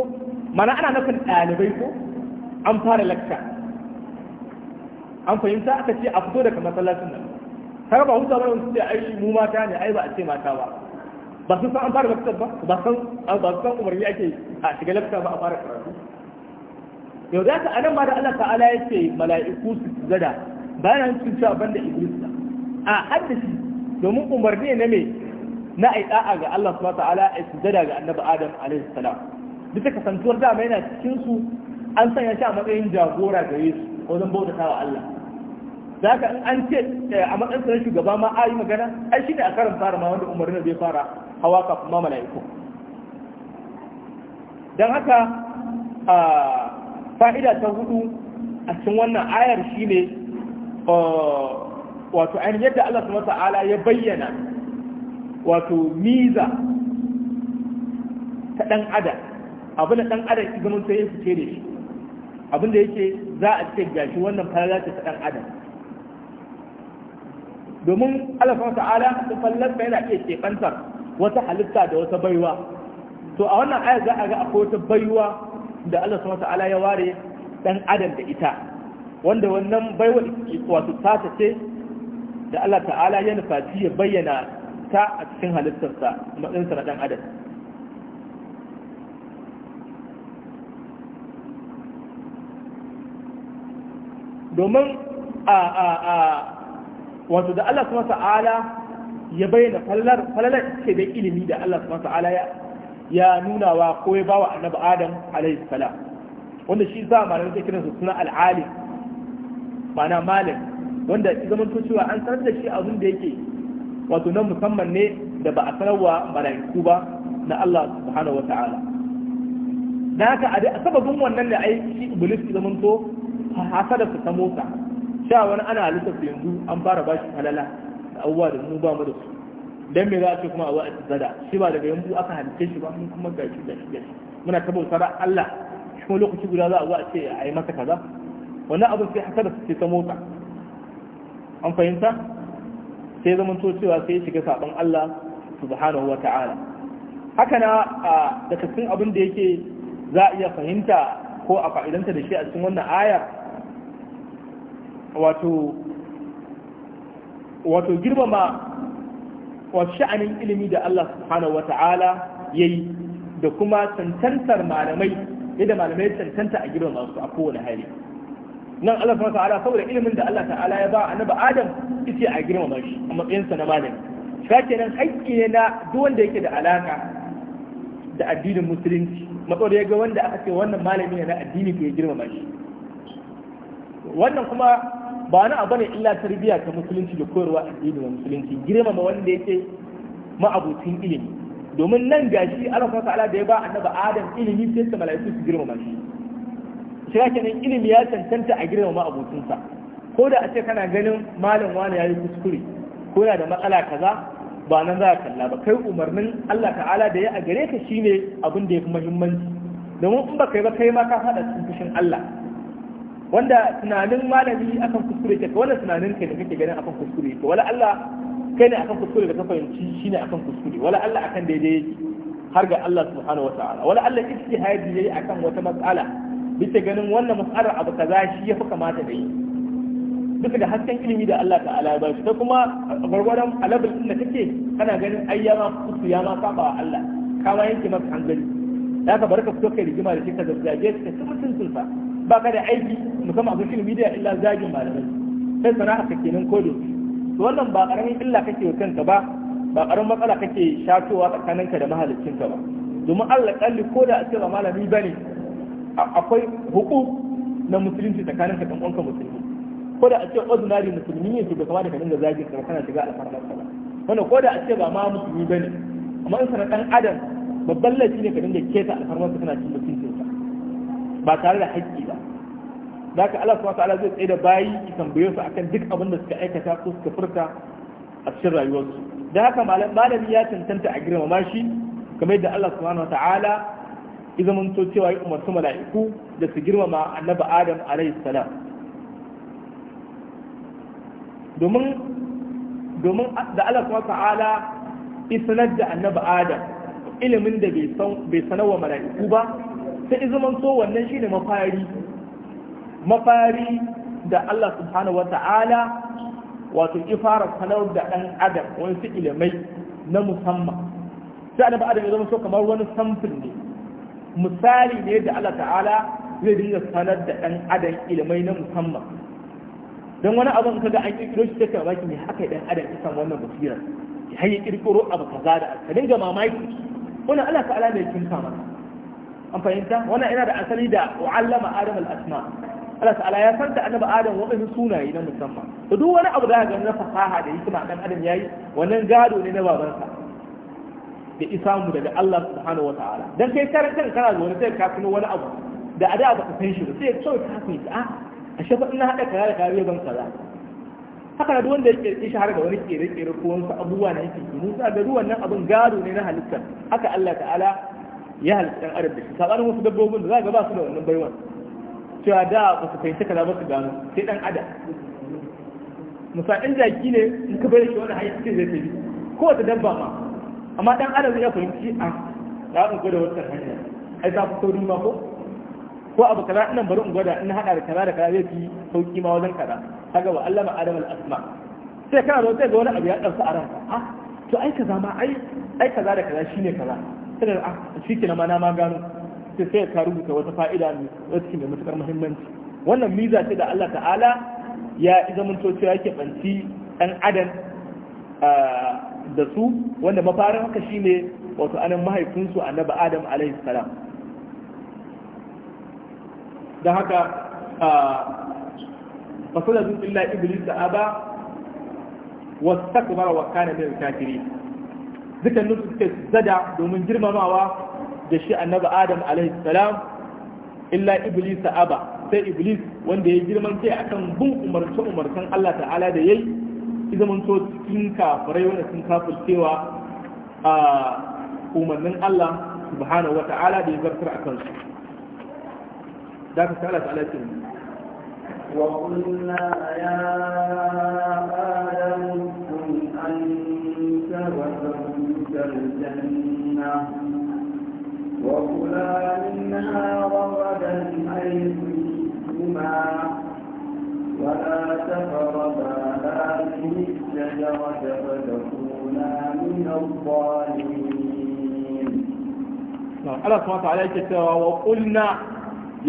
mana ana nufin ɗalibai ko an fara lakta an fahimta aka ce a fito daga masallacin nan kar ba huta ba su ai mu mata ne ai ba a ce mata ba ba sun san an fara lakta ba ba san ba san umarni ake a shiga lakta ba a fara karatu yau da ka anan ma da Allah ta'ala yake mala'iku su zada ba na nufin cewa ban da iblis a haddashi domin umarni na mai na a da'a ga Allah subhanahu ta'ala a sujada ga annabi Adam alaihi salam duka kasantuwar dama yana cikin su an sanya shi a matsayin jagora gare su wajen bautata wa Allah za ka in an ce eh, a matsayin sa shugaba ma a yi magana ai shi ne a karin fara ma wanda umarni bai fara hawa kafin ma mala'iku don haka fa'ida ta hudu a cikin wannan ayar shine Uh, wato ainihin yadda Allah subhanahu ta'ala ya bayyana wato miza ta ɗan ada abin da ɗan ada ya zama sai ya fice da shi abin da yake za a ce gashi wannan falala ta ɗan ada domin Allah subhanahu ta'ala da fallarsa yana iya keɓantar wata halitta da wata baiwa to a wannan aya za a ga akwai wata baiwa da Allah subhanahu ta'ala ya ware ɗan adam da ita wanda wannan baiwa wato tata ce da Allah ta'ala ya nufaci ya bayyana ta a cikin halittarsa matsayinsa na ɗan adam domin a a a wato da Allah subhanahu ta'ala ya bayyana fallar fallar ce da ilimi da Allah subhanahu ta'ala ya ya nuna wa ko ya bawa annabi Adam alaihi salam wanda shi zamanin da kiransa suna al-alim ma'ana malam wanda zaman to cewa an sanar da shi abin da yake wato na musamman ne da ba a sanarwa mala'iku ba na Allah subhanahu wata'ala dan haka a sababin wannan da ai shi iblis ya zaman to hasa da ta motsa sha wani ana lissafa yanzu an fara bashi halala da abubuwa da mu ba mu da su dan me za a ce kuma abu a tsada shi ba daga yanzu aka halitta shi ba mun kuma shi da shi muna tabbatar Allah kuma lokaci guda za a zo a ce a yi masa kaza Wani abin sai haka su ce ta motsa an fahimta sai zaman to cewa sai ya shiga sabon Allah subhanahu wa ta'ala haka na daga cikin abin da yake za a iya fahimta ko a fa'idanta da shi a cikin wannan ayar wato wato girmama wato sha'anin ilimi da Allah subhanahu wa ta'ala ya yi da kuma cancantar malamai yadda malamai cancanta a girmama su a kowane hali nan Allah subhanahu ta'ala saboda ilimin da Allah ta'ala ya ba annabi Adam yace a girmama shi a matsayinsa na malami ka nan haƙƙi ne na duk wanda yake da alaka da addinin musulunci matsor ya ga wanda aka ce wannan malami ne na addini ko ya girmama shi wannan kuma ba wani abu ne illa tarbiyya ta musulunci da koyarwa addini da musulunci girmama wanda yake ma'abucin ilimi domin nan gashi Allah subhanahu ta'ala da ya ba annabi Adam ilimi sai ta mala'iku su girmama shi yake nan ilimi ya cancanta a girmama abokinsa ko da a ce kana ganin malam wani yi kuskure ko na da matsala kaza ba nan za ka kalla ba kai umarnin Allah ta'ala da ya a gare ka shine abin da ya fi muhimmanci domin in ba kai ba kai ma ka fada cikin fushin Allah wanda tunanin malami akan kuskure ke wala tunanin kai da kake ganin akan kuskure ke wala Allah kai ne akan kuskure da ka fahimci shine akan kuskure wala Allah akan daidai har ga Allah subhanahu wataala wala Allah ijtihadi yayi akan wata matsala bisa ganin wannan mas'alar abu kaza shi ya fi kamata da yi duka da hasken ilimi da Allah ta'ala ya bashi ta kuma gwargwadon alabar inda da kake kana ganin ai ya ma kusu ya ma saba wa Allah ka ma yanke maka hankali da ka barka fito kai rigima da shi ka zazzage ka ci mutuncin ba ka da aiki musamman a da media illa zagin malamai sai sana'a ka kenan kodo to wannan ba karamin illa kake wa kanka ba ba karamin matsala kake shatowa tsakaninka da mahaliccinka ba domin Allah kalli ko da a ce ba malami bane akwai hukuk na musulunci tsakanin ka dan musulmi ko da a ce ordinary musulmi ne to kama da ka dinga zagin ka kana shiga alfarmar ka wanda ko da a ce ba ma musulmi ne amma in sanar dan adam babban laifi ne ka dinga keta alfarmar ka kana cin mutuncin ka ba tare da haƙƙi ba zaka Allah subhanahu ta'ala zai tsaye da bayi ki tambaye su akan duk abin da suka aikata ko suka furta a cikin rayuwarsu da haka malami ya tantanta a girmama shi kamar yadda Allah subhanahu ta'ala. ya zamanto cewa ya umarci mala'iku da su girmama annabi adam alaihi salam domin da Allah kuma ta'ala isanar da annabi adam ilimin da bai sanar mala'iku ba sai izamanto wannan shi ne mafari mafari da Allah subhanahu wa ta'ala wato ifara sanar da ɗan adam wani su ilimai na musamman sai annabi adam ya zama so kamar wani samfin ne misali ne da Allah ta'ala zai dinga sanar da ɗan adam ilimai na musamman don wani abu ka ga an kirkiro shi take mamaki ne haka ɗan adam ya samu wannan basirar ya hanyar kirkiro abu kaza da ka dinga mamaki wani Allah ta'ala mai kinta maka an fahimta wannan yana da asali da wa'allama adam al-asma Allah ta'ala ya san da annabi Adam waɗansu sunaye na musamman Da duk wani abu da gani na fasaha da hikima dan Adam yi. wannan gado ne na babansa da isamu daga Allah subhanahu wataala dan kai karan kan kana zaune sai ka kuma wani abu da a da baka san shi ba sai so ka yi a a ah, shafa ba ina hada ka da kare ban kaza haka na wanda ya kirki shi ga wani kere kere ko wasu abubuwa na yake yi musa da ruwan nan abin gado ne na halittar haka Allah ta'ala ya halitta arab da shi sabanin wasu dabbobin da za ga ba su da wannan baiwan cewa da ba su fahimci kaza ba su gano sai dan adam musa in jaki ne in ka bar shi wani hanyar sai zai Ko kowace dabba ma amma dan adam zai fahimci a za mu gwada wata hanya ai za ku saurin ma ko ko abu kaza ina bari in gwada in hada da kaza da kaza zai fi sauki ma wajen kaza kaga Allah ma adam al asma sai kana zo sai ga wani abu ya dauka a ranka a ah, to ai kaza ma ai ai kaza da kaza shine kaza sai da ah shike na ma na ma gano sai sai ka rubuta wata fa'ida ne wacce mai matukar muhimmanci wannan miza ce da Allah ta'ala ya zamanto cewa yake banci dan adam ah, da su wanda mafarin haka shi ne wato anan mahaifinsu naba adam alaihi salam da haka a fasala zun illa iblis da aba mara wa na mai kafiri dukan nusu suke zada domin girmamawa da shi naba adam alaihi salam illa iblis aba sai iblis wanda ya girman sai akan bin umarce umarcen Allah ta'ala da yayi ki zamanto cikin kafirai wanda sun kafircewa a umarnin Allah subhanahu wata'ala da ya zartar a kansu da ka sa'ala ta'ala ce وقلنا يا آدم اسكن أنت وزوجك الجنة وكلا منها رغدا حيث شئتما ولا تقربا الشجرة فتكونا من الظالمين الله سبحانه وتعالى يقول وقلنا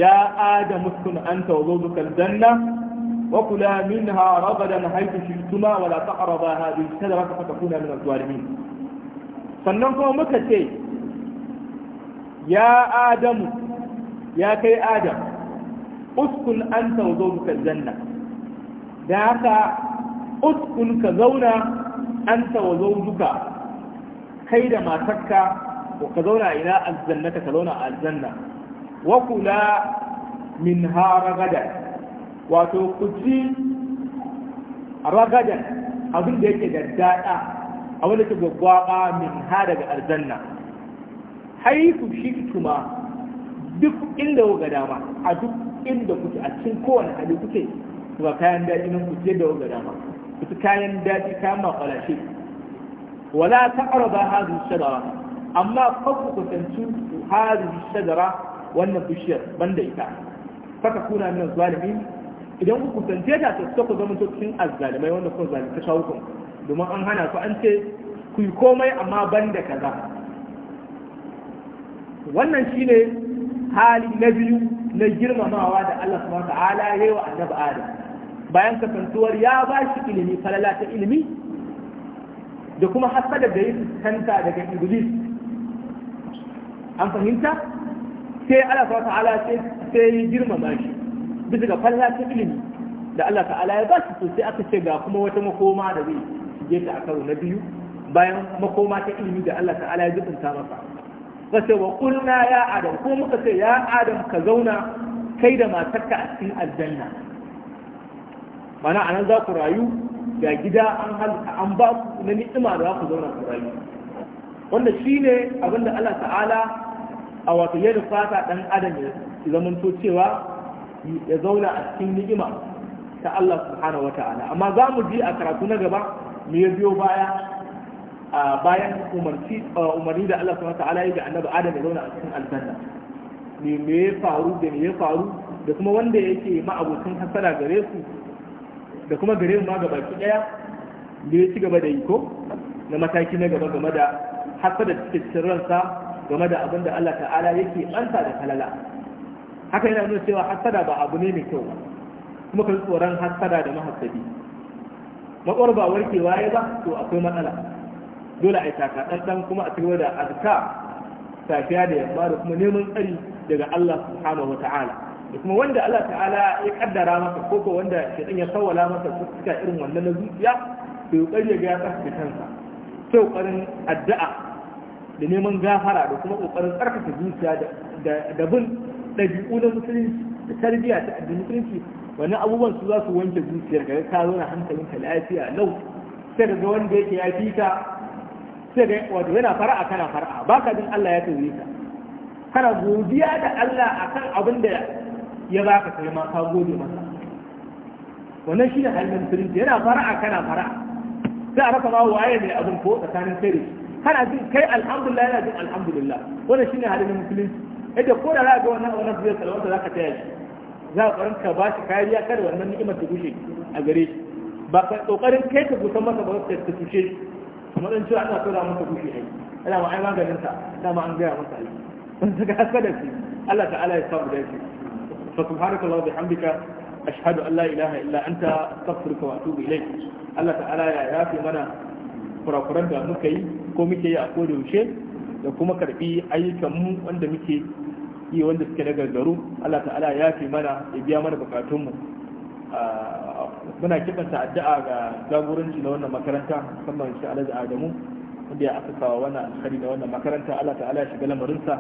يا آدم اسكن أنت وزوجك الجنة وكلا منها رغدا حيث شئتما ولا تقربا هذه الشجرة فتكونا من الظالمين sannan مكتي يا آدم يا كي آدم اسكن أنت وزوجك الجنة da haka uskun ka zauna anta wa zawjuka kai da matarka ka zauna ina aljannata ka zauna aljanna wa kula min haragada wato ku ci ragadan abin da yake da daɗa a da ke gwaggwaɓa min ha daga aljanna haifu shi kuma duk inda ga dama a duk inda kuke a cikin kowane hali kuke ga kayan daɗi nan kuke da ga dama wasu kayan daji kayan makwalashe wala ta araba hazin shagara amma fakku kusanci hazin shagara wannan bishiyar banda ita saka kuna min zalimi idan ku kusance ta ta suka zama cikin azzalimai wanda kuma shawo shawukun domin an hana ku an ce ku yi komai amma banda kaza wannan shine hali na biyu na girmamawa da Allah subhanahu wa ta'ala yayi wa annabi Adam bayan kasantuwar ya ba shi ilimi falala ta ilimi da kuma hasa da yi fuskanta daga iblis an fahimta sai Allah ta'ala sai girmama shi bisa ga falala ta ilimi da Allah ta'ala ya ba shi sosai aka ce ga kuma wata makoma da zai shige ta a karo na biyu bayan makoma ta ilimi da Allah ta'ala ya zubunta masa ka ce wa kulna ya adam ko muka ce ya adam ka zauna kai da matarka a cikin aljanna mana anan za ku rayu ga gida an halka an ba ku na ni'ima da za ku zauna ku rayu wanda shi abin da Allah ta'ala a wato yadda fata dan adam ya to cewa ya zauna a cikin ni'ima ta Allah subhanahu wa ta'ala amma za mu ji a karatu na gaba mu ya biyo baya a bayan umarci umarni da Allah subhanahu wa ta'ala ya ga annabi adam ya zauna a cikin aljanna me me ya faru da me ya faru da kuma wanda yake ma'abokin hasara gare su da kuma gare mu ma ga baki daya da ya ci gaba da yi ko na mataki na gaba game da haka da cikin ransa game da abin da Allah ta'ala yake ansa da kalala haka yana nuna cewa hasada ba abu ne mai kyau ba kuma kan tsoron hasada da mahasabi. makwar ba warkewa ya ba to akwai matsala dole a yi takaɗan kuma a cigaba da azka safiya da yamma da kuma neman tsari daga Allah subhanahu wa kuma wanda Allah ta'ala ya kaddara masa ko ko wanda shaitan ya sawwala masa suka irin wannan na zuciya to kare ga ya tsaka kansa sai kokarin addu'a da neman gafara da kuma kokarin tsarkake zuciya da da bin dabi'u na musulunci da tarbiyya ta addinin musulunci wannan abubuwan su za su wanke zuciyar ga ka zo na hankalinka lafiya lau sai ga wanda yake ya fi ka sai ga wato yana fara'a kana fara'a baka ka jin Allah ya tsaye ka kana godiya da Allah akan abin da ya baka kai ma ka gode masa wannan shine halin musulunci yana fara'a kana fara'a sai a rasa ma waye ne abin ko tsakanin kai da kana jin kai alhamdulillah yana jin alhamdulillah wannan shine halin musulunci yadda ko da za ga wannan wannan zai salwanta ka taya shi za ka karanta ba shi kariya kada wannan ni'imar ta gushe a gare shi ba ka kokarin kai ka gusan masa ba ka ta tushe shi kuma dan cewa ana tura masa gushe ai ana ma ai maganin sa ma an gaya masa ai wanda ka haska da shi Allah ta'ala ya samu da shi fa subhanakallahu bihamdika ashhadu an la ilaha illa anta astaghfiruka wa atubu ilayk Allah ta'ala ya yafi mana kurakuran da muka yi ko muke yi a koda yaushe da kuma karbi ayyukan mu wanda muke yi wanda suke na gargaru Allah ta'ala ya yafi mana ya biya mana bukatunmu. mu muna kibanta addu'a ga jagoranci na wannan makaranta musamman shi Alhaji Adamu wanda ya aka kawo wannan alkhari da wannan makaranta Allah ta'ala ya shiga lamarinsa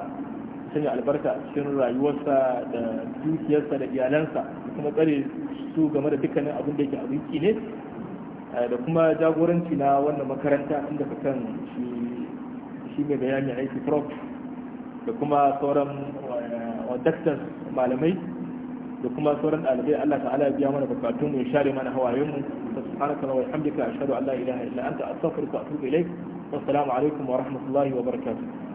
sanya albarka a cikin rayuwarsa da dukiyarsa da iyalansa da kuma tsare su game da dukkanin abin da yake abinci ne eh, da kuma jagoranci na wannan makaranta inda ka kan shi mai bayani aiki prof da kuma sauran wadaktar eh, malamai da kuma sauran ɗalibai Allah ta'ala ya biya mana bukatun mu ya share mana hawayen mu subhanaka wa bihamdika ashhadu an la ilaha illa anta astaghfiruka wa atubu ilaik assalamu alaikum wa rahmatullahi wa barakatuh